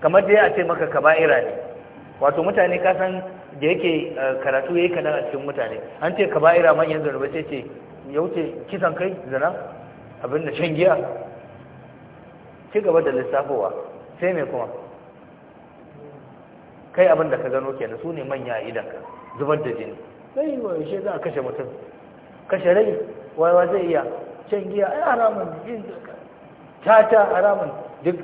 Speaker 1: kamar dai a ce maka kaba'ira ne wato mutane ka san da yake eh, karatu yi kanar a cikin mutane an ce kaba'ira manyan zanuba ce ce ya wuce kisan kai zina abin da shan giya ci gaba da lissafowa sai mai kuma kai abin da ka gano kenan su ne manya a idanka zubar da jini sai yi wa yaushe za a kashe mutum kashe rai wa zai iya can giya ai haramun yin ta haramun duk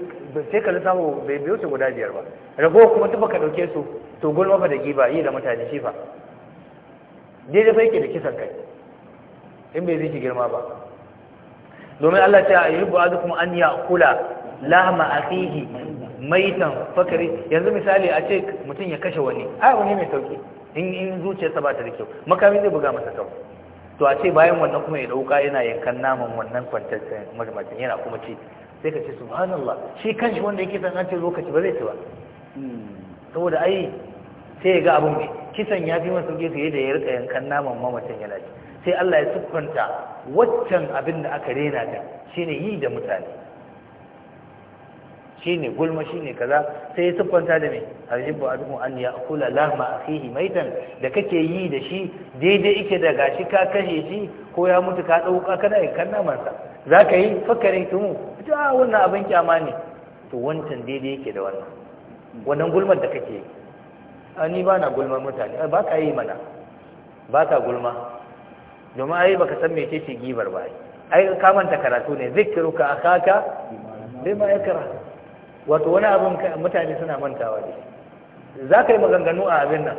Speaker 1: sai ka ba bai biyo su guda biyar ba rago kuma tuba ka dauke su to gulma fa da giba yi da mutane shifa fa da fake da kisan kai in bai zai girma ba domin Allah ta yubu azukum an ya ya'kula lahma akhihi maitan fakari yanzu misali a ce mutum ya kashe wani ai wani mai sauki in in zuciyarsa ba ta da kyau makami zai buga masa kawai to a ce bayan wannan kuma ya dauka yana yankan naman wannan kwantaccen marmacin yana kuma ce sai ka ce subhanallah shi kanshi wanda yake san an ce lokaci ba zai ci ba saboda ai sai ya ga abin mai kisan ya fi masu gefe yadda ya rika yankan naman mamacin yana ci sai Allah ya sukwanta waccan abin da aka rena ta shine yi da mutane Shi ne gulma shi ne kaza sai ya siffanta da me aljibu adumu an kula lahma fihi maitan da kake yi da shi daidai ike da gashi ka kashe shi ko ya mutu ka kada ya kanna naman za ka yi fakarin tumu ta ah, wannan abin kyama ne to wancan daidai yake da wannan wannan gulmar da kake yi a ah, ni ba na gulmar mutane ah, ba ka yi mana ba ka gulma domin ai baka san mece ce gibar ba ai ka manta karatu ne zikiruka akaka bima yakra wato wani abin mutane suna mantawa ne za ka yi maganganu a abin nan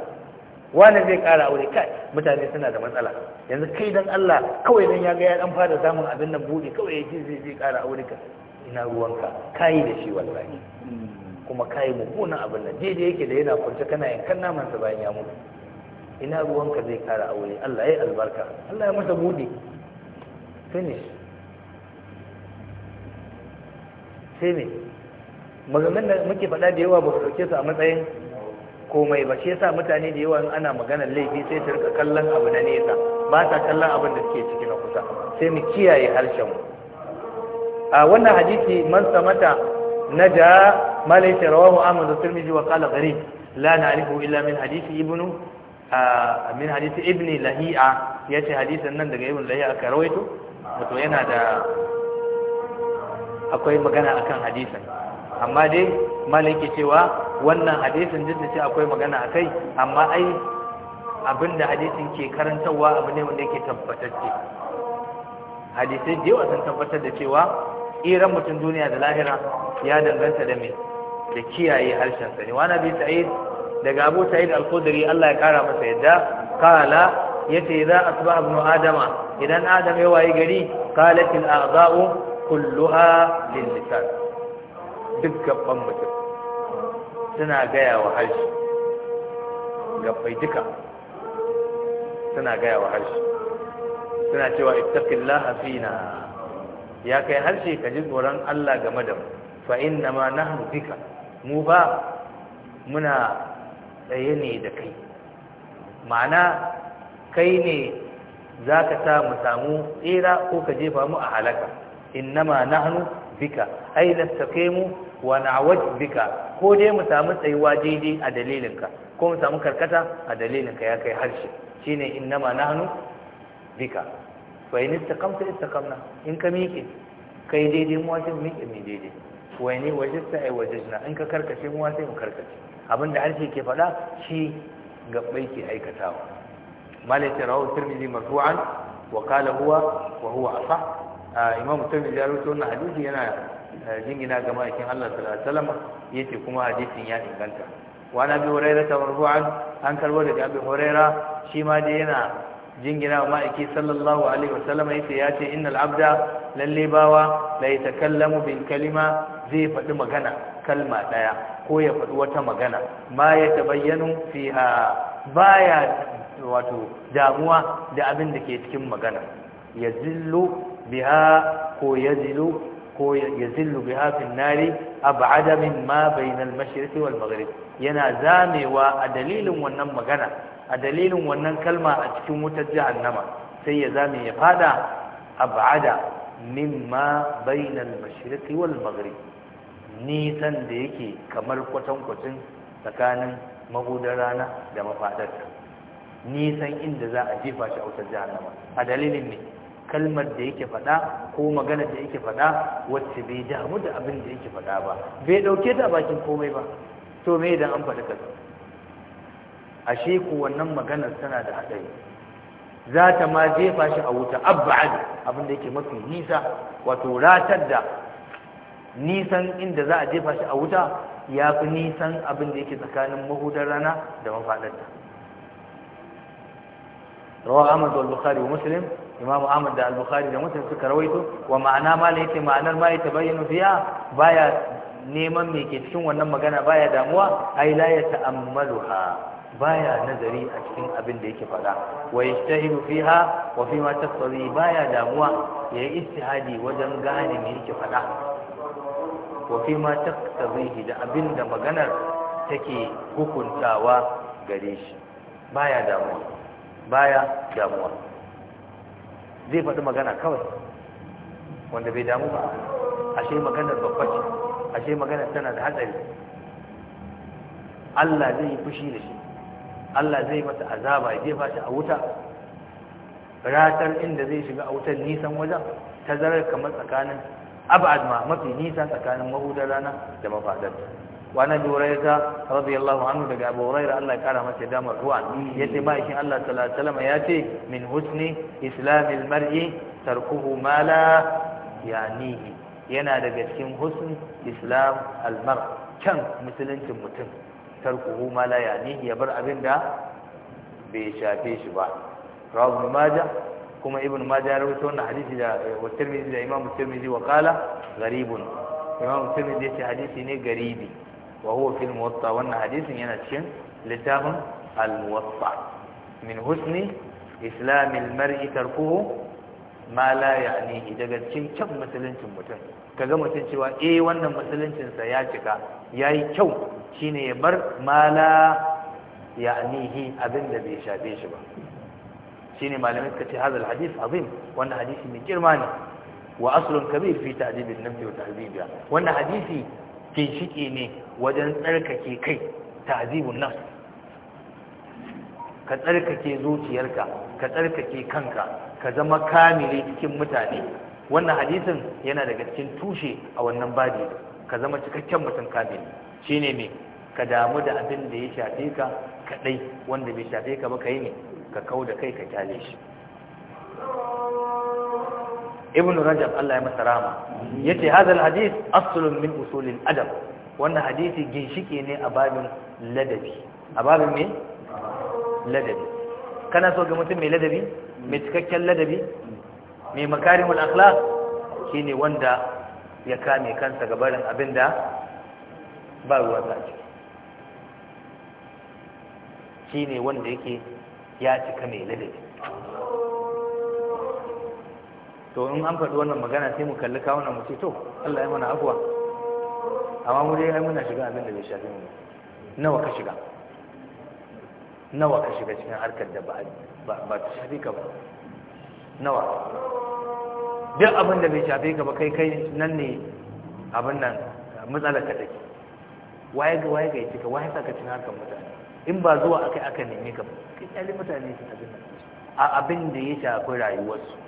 Speaker 1: wani zai kara aure kai mutane suna da matsala yanzu kai dan Allah kawai dan ya ga ya dan fara samun abin nan bude kawai yake zai zai kara aure ka ina ruwanka kai da shi wallahi kuma kai kuna abin nan je yake da yana kunta. kana yankan naman sa bayan ya mutu ina ruwanka zai kara aure Allah ya albarka Allah ya masa bude finish sai ne maganganun da muke faɗa da yawa ba su ɗauke su a matsayin komai ba shi yasa mutane da yawa ana maganar laifi sai su rika kallon abu na nesa ba ta kallon abin da suke ciki na kusa sai mu kiyaye harshen mu a wannan hadisi man samata naja ma laysa rawahu ahmad at-tirmidhi wa qala gharib la na'rifu illa min hadisi ibnu min hadisi ibni lahi'a yace hadisin nan daga ibnu lahi'a ka rawaito wato yana da akwai magana akan hadisin amma dai malaki cewa wannan hadisin duk ce akwai magana a kai amma ai abinda hadisin ke karantarwa abu ne wanda yake tabbatacce hadisai da yawa sun tabbatar da cewa iran mutum duniya da lahira ya danganta da mai da kiyaye harshen sani wani bi sa'id daga abu sa'id al Allah ya kara masa yadda kala yace za asbaha ibn adama idan adam ya wayi gari qalatil a'dha'u kulluha lil lisan duk gaban mutum suna gaya wa harshe gabbai duka suna gaya wa harshe suna cewa ittaqillaha fina ya kai harshe ka ji tsoron Allah game da mu fa inna ma nahnu bika mu ba muna tsaye ne da kai ma'ana kai ne zaka sa mu samu tsira ko ka jefa mu a halaka innama nahnu bika ai nastaqemu wa na'waj bika ko dai mu samu tsayuwa daidai a dalilinka ko mu samu karkata a dalilinka ya kai harshe shine innama nahnu bika fa in istaqamta istaqamna in ka miƙe kai daidai mu wajen miƙe mai daidai wani wajista ai wajejna in ka karkace mu sai mu karkace abinda harshe ke faɗa shi gabbai ke aikatawa malaka rawu tirmidhi marfu'an wa qala huwa wa huwa asah imam tabbi ya rawaito wannan hadisi yana eh, jingina ga ma'aikin Allah sallallahu alaihi wasallam yace kuma hadisin ya inganta wa nabi hurairah marfu'an an karbo daga abi hurairah shi ma dai yana jingina wa ma'aiki sallallahu alaihi wasallam yace ya ce innal abda lalle bawa la yatakallamu bil kalima zai faɗi magana kalma ɗaya ko ya faɗi wata magana ma ya tabayyanu fiha baya wato damuwa da abin da ke cikin magana ya zillo biha ko yazilu ko yazillu biha fi nari ab'ada min ma bayna al-mashriq wal maghrib yana zamewa a dalilin wannan magana a dalilin wannan kalma a cikin wutar jahannama sai ya zame ya fada ab'ada mimma bayna al-mashriq wal maghrib nisan da yake kamar kwatankwacin tsakanin mahudar rana da mafadarta nisan inda za a jefa shi a wutar jahannama a dalilin ne kalmar da yake faɗa ko maganar da yake faɗa wacce bai damu da abin da yake faɗa ba bai ɗauke ta bakin komai ba to me idan an faɗi kaza ashe ku wannan maganar tana da haɗari za ta ma jefa shi a wuta abba'ad abin da yake mafi nisa wato ratar da nisan inda za a jefa shi a wuta ya fi nisan abin da yake tsakanin mahudar rana da ta rawa ahmad al bukhari wa muslim imam ahmad da al-bukhari da muslim suka rawaito wa ma'ana ma la yake ma'anar ma ya tabayyana fiya baya neman me ke cikin wannan magana baya damuwa ai la ya ta'ammaluha baya nazari a cikin abin da yake faɗa wa yajtahidu fiha wa fi ma tasri baya damuwa yayi istihadi wajen gane me yake faɗa wa fi ma taqtadihi da abin da maganar take hukuntawa gare shi baya damuwa baya damuwa zai faɗi magana kawai wanda bai damu ba ashe maganar babba ce ashe maganar tana da hatsari Allah zai yi fushi da shi Allah zai masa azaba ya jefa shi a wuta ratar inda zai shiga a wutar nisan wajen tazarar kamar tsakanin abad ma mafi nisan tsakanin mahudar rana da mafadar. wa na ta radiyallahu anhu daga Abu Hurairah Allah ya kara masa damar ruwa Ya ba shi Allah sallallahu alaihi wasallam min husni islamil mar'i tarkuhu mala ya yanihi yana daga cikin husn islam almar can musuluncin mutum tarkuhu mala ya yanihi ya bar abin da bai shafe shi ba rawu maja kuma ibn maja ya rawaito wannan hadisi da eh, wa tirmidhi da imam tirmidhi wa qala gharibun imam tirmidhi yace hadisi ne garibi wa huwa fil muwatta wannan hadisin yana cikin littafin al min husni islamil mar'itar ko ma la ya'nihi daga cikin kyan musuluncin mutum Ka kaga mutum cewa eh wannan musuluncinsa ya cika yayi kyau shine ya bar ma la ya'nihi abinda bai shafe shi ba shine malamai suka ce hadal hadith azim wannan hadisi mai girma ne wa aslun kabir fi ta'dib an-nafs wa ta'dibiha wannan hadisi ginshike ne wajen tsarkake kai ta azibin nan ka tsarkake zuciyarka ka tsarkake kanka ka zama kamile cikin mutane wannan hadisin yana daga cikin tushe a wannan babi ka zama cikakken mutum kamile shine mai ka damu da abin da ya shafe ka kadai wanda bai shafe ka ba ka yi ne ka kau da kai ka kyale shi
Speaker 2: ibn rajab Allah ya masa rama yace hadal
Speaker 1: hadith aslun min usulil adab wannan hadisi ginshike ne a babin ladabi a babin me ladabi kana so ga mutum mai ladabi mai cikakken ladabi mai makarimul akhlaq shine wanda ya kame kansa ga barin abinda ba ruwa ta shine wanda yake ya cika mai ladabi to in an faɗi wannan magana sai mu kalli kawo mu ce to Allah ya mana afuwa amma mu dai ai muna shiga abin da bai shafi mu nawa ka shiga nawa ka shiga cikin harkar da ba ba ta shafi ka ba nawa duk abin da bai shafi ka ba kai kai nan ne abin nan matsalar ka take waye ga waye ga yi cika waye saka cikin harkar mutane in ba zuwa akai aka neme ka ba kai mutane su a abin da ya shafi rayuwarsu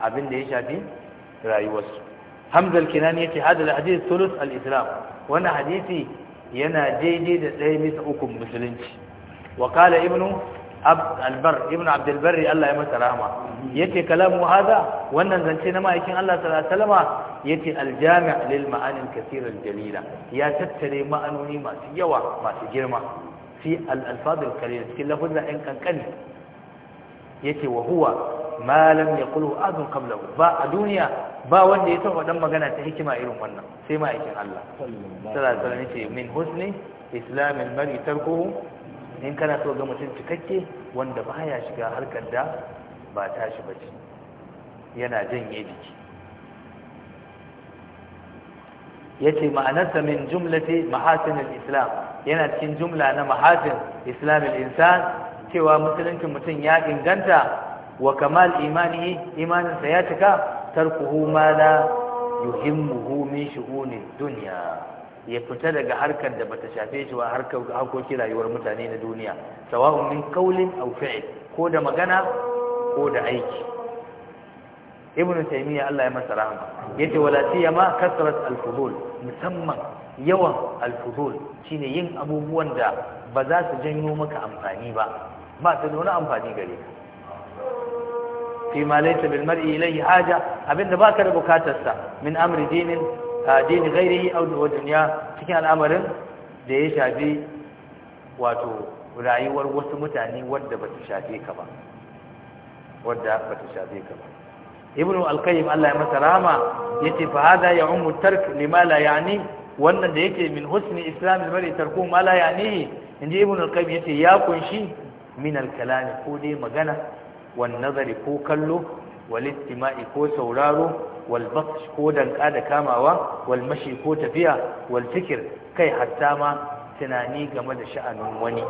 Speaker 1: abin da ya shafi rayuwarsu hamzal al-kinani yace hadal hadith thuluth al-islam wani hadisi yana daidai da ɗaya bisa uku musulunci wa ibnu albar ibnu abd Allah ya masa rahma yace kalamu hada wannan zance na ma'aikin Allah sallallahu alaihi wasallama yace al lil ma'ani kathira jalila ya tattare ma'anoni masu yawa masu girma fi al-alfaz al-qalila cikin lafazin ɗan kankani yace wa huwa ma lam yaqulu azun qablahu ba a duniya ba wanda ya taba dan magana ta hikima irin wannan sai ma aikin Allah sallallahu alaihi wasallam ce min husni al mari tarkuhu in kana so ga mutum cikakke wanda baya shiga harkar da ba tashi bace yana janye jiki yace ma'anarsa min jumlati mahasin al-islam yana cikin jumla na mahasin islam al-insan cewa musulunci mutum ya inganta wa kamal imanihi imanin ya cika tarkuhu ma la yuhimmuhu min shughulid dunya ya fita daga harkar da bata shafe shi wa harkar harkokin rayuwar mutane na duniya sawa'un min qawlin aw fi'l ko da magana ko da aiki ibnu taymiya Allah ya masa rahama yace wala siyama kasrat al-fudul musamman yawan al-fudul shine yin abubuwan da ba za su janyo maka amfani ba ba su da amfani gare ka fi ma laysa bil mar'i ilayhi haja abinda baka da bukatarsa min amri dinin dini ghairihi aw dunya cikin al'amarin da ya shafi wato rayuwar wasu mutane wadda ba ta shafe ka ba wadda ba ta shafe ka ba ibnu al Allah ya masa rahama yace fa hada ya'ummu tark lima la ya'ni wannan da yake min husni islam al-mar'i tarku ma la ya'ni inji ibnu al-qayyim yace ya kunshi min al-kalam ko dai magana wan nazari ko kallo wal istima'i ko sauraro wal ko danka da kamawa wal ko tafiya wal fikir kai hatta ma tunani game da sha'anin wani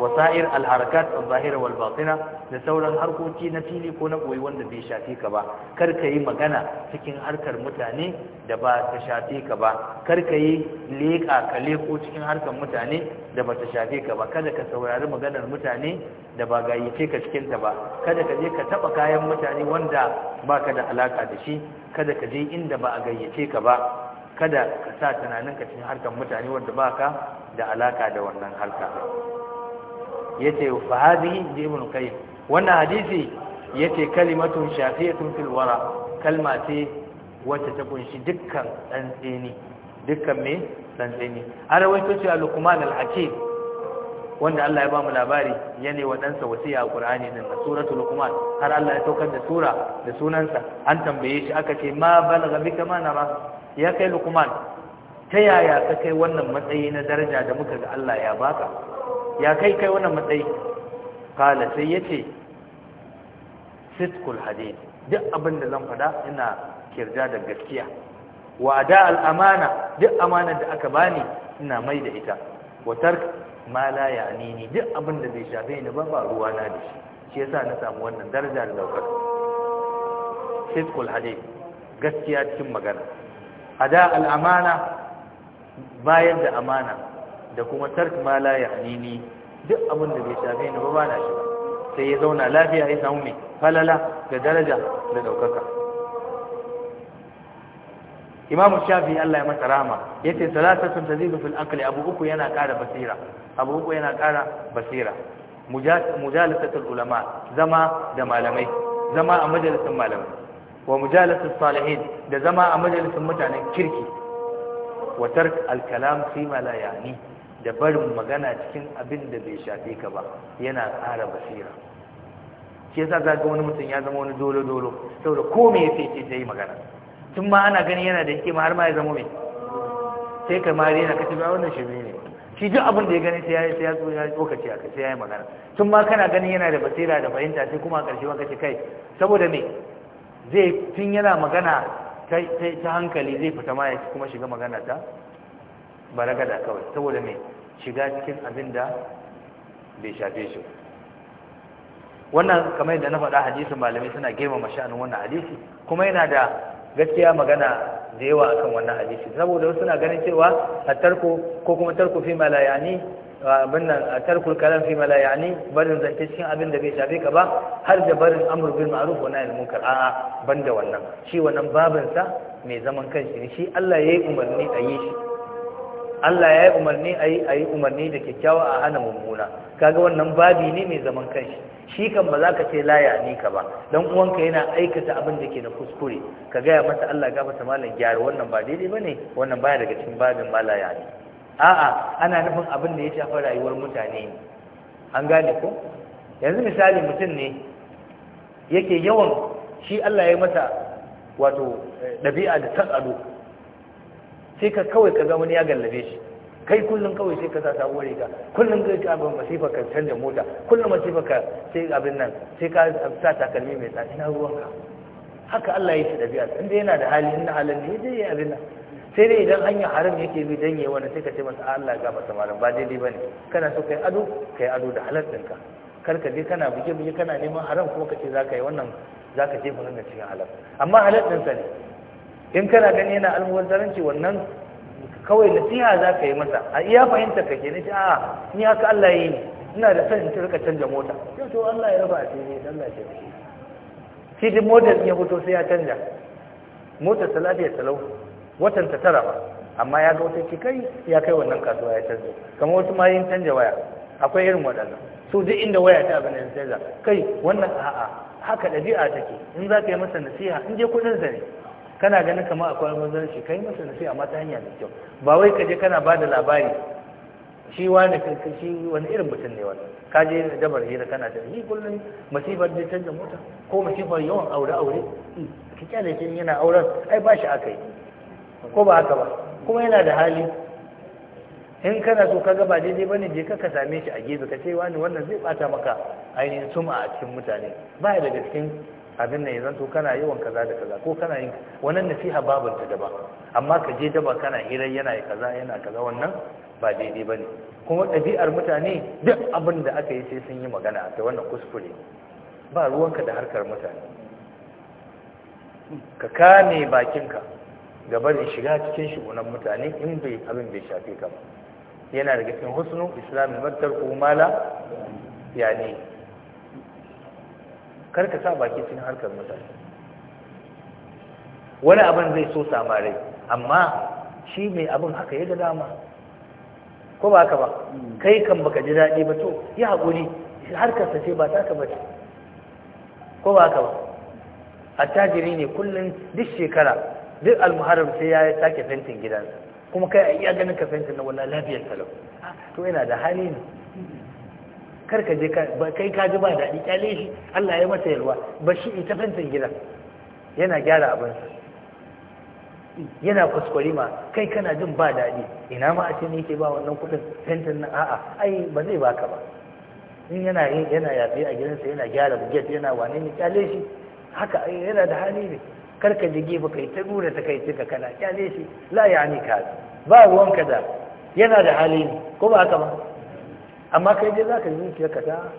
Speaker 1: wasa'ir alharakat al-zahira wal batina da sauran harkoki na fili ko na koyi wanda bai shafe ka ba kar ka yi magana cikin harkar mutane da ba ta shafe ka ba kar ka yi leka ka leko cikin harkar mutane da ba ta shafe ka ba kada ka saurari maganar mutane da ba gayyace ka cikin ta ba kada ka je ka taba kayan mutane wanda baka da alaka da shi kada ka je inda ba a gayyace ka ba kada ka sa tunaninka cikin harkar mutane wanda baka da alaka da wannan harka yace fa hadhihi jibun kai wannan hadisi yace kalimatun shafiyatun fil wara kalma ce wacce ta kunshi dukkan tsantseni dukkan me tsantseni an rawaito cewa luqman al-hakim wanda Allah ya ba mu labari yana wa sa wasiya a Qur'ani din na suratul Luqman har Allah ya saukar da sura da an tambaye shi aka ce ma balaga bika ma nara ya kai Luqman ta yaya ka kai wannan matsayi na daraja da muka ga Allah ya baka ya kai kai wannan matsayi kala sai ya ce sitkul hadith duk abin da zan faɗa ina kirja da gaskiya wa da al'amana duk amanar da aka bani ina mai da ita wa tark ma la duk abin da bai shafe ni ba ba ruwa na da shi shi yasa na samu wannan darajar daukar sitkul hadith gaskiya cikin magana ada al'amana bayar da amana da kuma tark ma la yahnini duk abin da bai shafe ni ba ba na shi sai ya zauna lafiya ya samu mai falala da daraja da daukaka imamu shafi Allah ya masa rama ya ce salatatun tazidu fil aqli abu uku yana kara basira abu uku yana ƙara basira mujalasatul ulama zama da malamai zama a majalisun malamai wa mujalasatul salihin da zama a majalisun mutanen kirki wa tark al kalam fi ma la yani da barin magana cikin abin da bai shafe ka ba yana ƙara basira shi yasa za ga wani mutum ya zama wani dolo dolo saboda ko me ya ce ta yi magana tun ma ana ganin yana da hikima har ma ya zama mai sai ka ma yana ka ba wannan shirme ne shi duk abin da ya gani sai ya yi ya ya tsokaci a sai ya yi magana tun ma kana ganin yana da basira da fahimta sai kuma a ƙarshe ma kace kai saboda me zai tun yana magana ta hankali zai fita ma ya kuma shiga magana ta baragada kawai saboda me shiga cikin abin da bai shafe shi wannan kamar yadda na faɗa hadisin malamai suna girmama sha'anin wannan hadisi kuma yana da gaskiya magana da yawa akan wannan hadisi saboda wasu suna ganin cewa a tarko ko kuma tarko fi malayani abin nan a tarkul kalam fi malayani barin zance cikin abin da bai shafe ka ba har da barin amr bil ma'ruf wa nahy munkar a'a banda wannan shi wannan babin sa mai zaman kanshi ne shi Allah ya yi umarni a yi shi Allah ya yi umarni a yi a yi umarni da kyakkyawa a hana mummuna kaga wannan babi ne mai zaman kanshi shi kan ba za ka ce laya ni ka ba dan uwanka yana aikata abin da ke na kuskure ka gaya masa Allah ga masa malam gyara wannan ba daidai ba ne. wannan baya daga cikin babin malaya ne a'a ana nufin abin da ya shafa rayuwar mutane ne an gane ko yanzu misali mutum ne yake yawan shi Allah ya yi masa wato eh, ɗabi'a da tsado sai ka kawai ka ga wani ya gallabe shi kai kullum kawai sai ka sa sabuwar ka kullum kai ka abin masifa ka canza mota kullum masifa ka sai abin nan sai ka sa takalmi mai tsada ina ka haka Allah ya shi dabi'a inda yana da hali inda halin ne zai yi abin nan sai dai idan hanya haram yake bi dan yayi wani sai ka ce masa Allah ga masa malam ba daidai bane kana so kai ado kai ado da halal ɗinka kar ka je kana buge buge kana neman haram kuma ka ce zaka yi wannan zaka jefa nan cikin halal amma halal ɗinsa ne in kana gani yana almubazaranci wannan kawai nasiha za ka yi masa a iya fahimta ka ke ni a ni haka Allah yi ina da san in ta canja mota sai to Allah ya raba a cikin ya ce shi din motar ya fito sai ya canja motar ta lafiya talau watan ta tara ba amma ya ga wata ce kai ya kai wannan kasuwa ya canja kamar wasu ma yin canja waya akwai irin waɗannan su duk inda waya ta abin da canja kai wannan a'a haka ɗabi'a take in za ka yi masa nasiha in je kuɗinsa ne kana ganin kamar akwai manzanci kai masa nasi amma ta hanya da kyau ba wai ka je kana ba da labari shi wani kankashi wani irin mutum ne wani ka je da dabar hira kana da ni kullum masifar da canza mota ko masifar yawan aure aure ki kyale shi yana auren ai ba shi aka yi." ko ba haka ba kuma yana da hali in kana so kaga ba daidai bane je ka same shi a gefe ka ce wani wannan zai bata maka ainihin suma a cikin mutane ba daga cikin abin nan yanzu kana yawan kaza da kaza ko kana yin wannan nasiha babu ta daba amma ka je daba kana hira yana kaza yana kaza wannan ba daidai bane kuma ɗabi'ar mutane duk abin da aka yi sai sun yi magana ta wannan kuskure ba ruwanka da harkar mutane ka kame bakinka gaba da shiga cikin shigunan mutane in bai abin bai shafe ka ba yana daga cikin husnu islamin mattar ko mala yani kar ka sa baki cikin harkar mutane wani abin zai so samarai amma shi mai abin haka ya ga dama ko ba haka ba kai kan baka ji daɗi ba to yi haƙuri harkarsa ce ba taka ba ce ko ba haka ba A tajiri ne kullum duk shekara duk almuharar sai ya sake fentin gidansa kuma kai a iya ganin ka fentin na wala lafiyar talau to yana da hali ne kar ka je kai ka ji ba daɗi ƙyale shi Allah ya mata yalwa ba shi ita fentin gida yana gyara sa. yana kuskure ma kai kana jin ba daɗi ina ma a ce ba wannan kuɗin fentin na a'a ai ba zai baka ba in yana yana yafe a gidansa yana gyara bugiyar. yana wane ne ƙyale shi haka yana da hali ne kar ka jige ba kai ta nuna ta kai cika kana Ƙyale shi la ya ni ka ba ruwanka da yana da hali ne ko ba haka ba amma kai dai za ka yi zuciya ka ta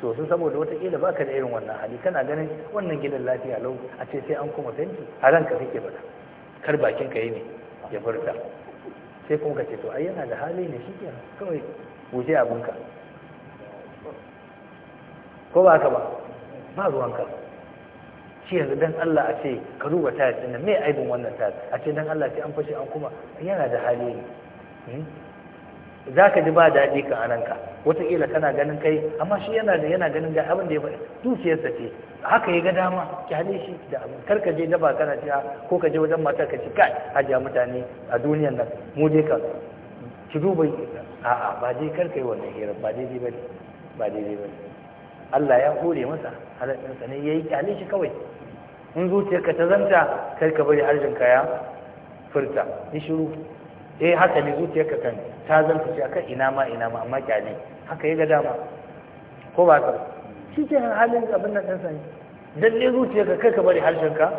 Speaker 1: to sun saboda watakila ba ka da irin wannan hali kana ganin wannan gidan lafiya lau a ce sai an kuma fenti a ranka suke bada kar bakin ka yi ne ya furta sai kuma ka ce to ai yana da hali ne shi kenan kawai wuce abinka ko ba ka ba ba ruwanka shi yanzu dan Allah a ce ka duba tayar din nan me aibin wannan tayar a ce dan Allah sai an fashe an kuma yana da hali ne hmm? za ka ji ba daɗi ka a ranka wataƙila kana ganin kai amma shi yana da yana ganin da abin da ya faɗi dukiyarsa ce haka ya ga dama ki hade shi da abin kar ka je daba kana ciya ko ka je wajen matar ka ci kai hajiya mutane a duniyar nan mu dai ka ki duba a'a ba dai kar ka yi wannan hirar ba daidai ba ba daidai ba Allah ya hore masa sa ne yayi kyale shi kawai in zuciyarka ta zanta kar ka bari arjinka ya furta ni shiru eh haka ne zuciyarka kan ta zanta ce akan ina ma ina ma amma kyale haka ya ga dama ko ba ka shi ke halin abin nan ɗansa ne dan ne zuciyarka kai ka bari harshenka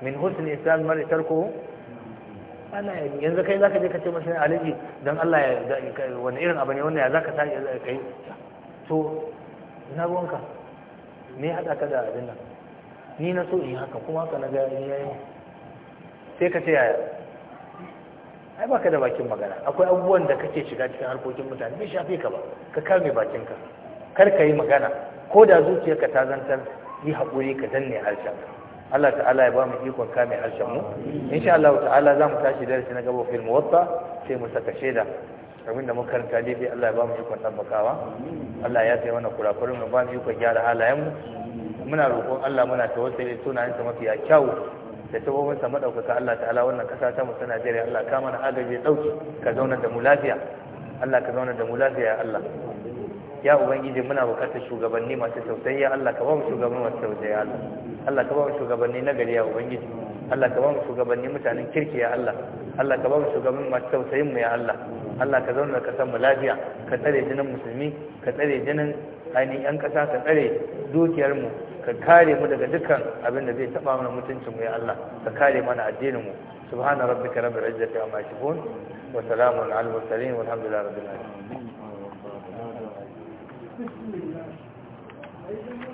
Speaker 1: min husni islam mari tarko ana yanzu kai zaka je ka ce masa alaji dan Allah ya wani irin abu ne wannan ya zaka sai kai to na ruwanka me hada ka da abin nan ni na so in haka kuma haka na ga yayi sai ka ce yaya ai baka da bakin magana akwai abubuwan da kake shiga cikin harkokin mutane bai shafe ka ba ka kame bakinka kar ka yi magana ko da zuciyar ka ta zantar yi haƙuri ka danne harshen Allah ta'ala ya ba mu ikon kame harshen mu insha Allah ta'ala za mu tashi darasi na gaba fil muwatta sai mu saka sheda abinda mu karanta daidai Allah ya ba mu ikon tabbakawa Allah ya sai mana kurakurin mu ba mu ikon gyara halayen mu muna roƙon Allah muna tawassuli sa mafi kyau da sabobin sa madaukaka Allah ta'ala wannan kasa ta mu Najeriya Allah ka mana agaje dauki ka zauna da mu lafiya Allah ka zauna da mu lafiya ya Allah ya ubangiji muna bukatar shugabanni masu tausayi ya Allah ka ba mu shugabanni masu tausayi ya Allah Allah ka ba mu shugabanni na gari ya ubangiji Allah ka ba mu shugabanni mutanen kirki ya Allah Allah ka ba mu shugabanni masu tausayin mu ya Allah Allah ka zauna ka san mu lafiya ka tsare jinin musulmi ka tsare jinin ainihin 'yan ƙasa ka tsare dukiyarmu ka kare mu daga dukkan abin da zai taɓa mana mutuncinmu ya Allah ka kare mana addininmu subhana rabbika rabbil izzati amma yasifun wa salamun alal mursalin walhamdulillahi rabbil alamin